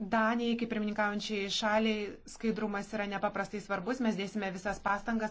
Danijai, kaip pirmininkaujančiai šaliai, skaidrumas yra nepaprastai svarbus. Mes dėsime visas pastangas,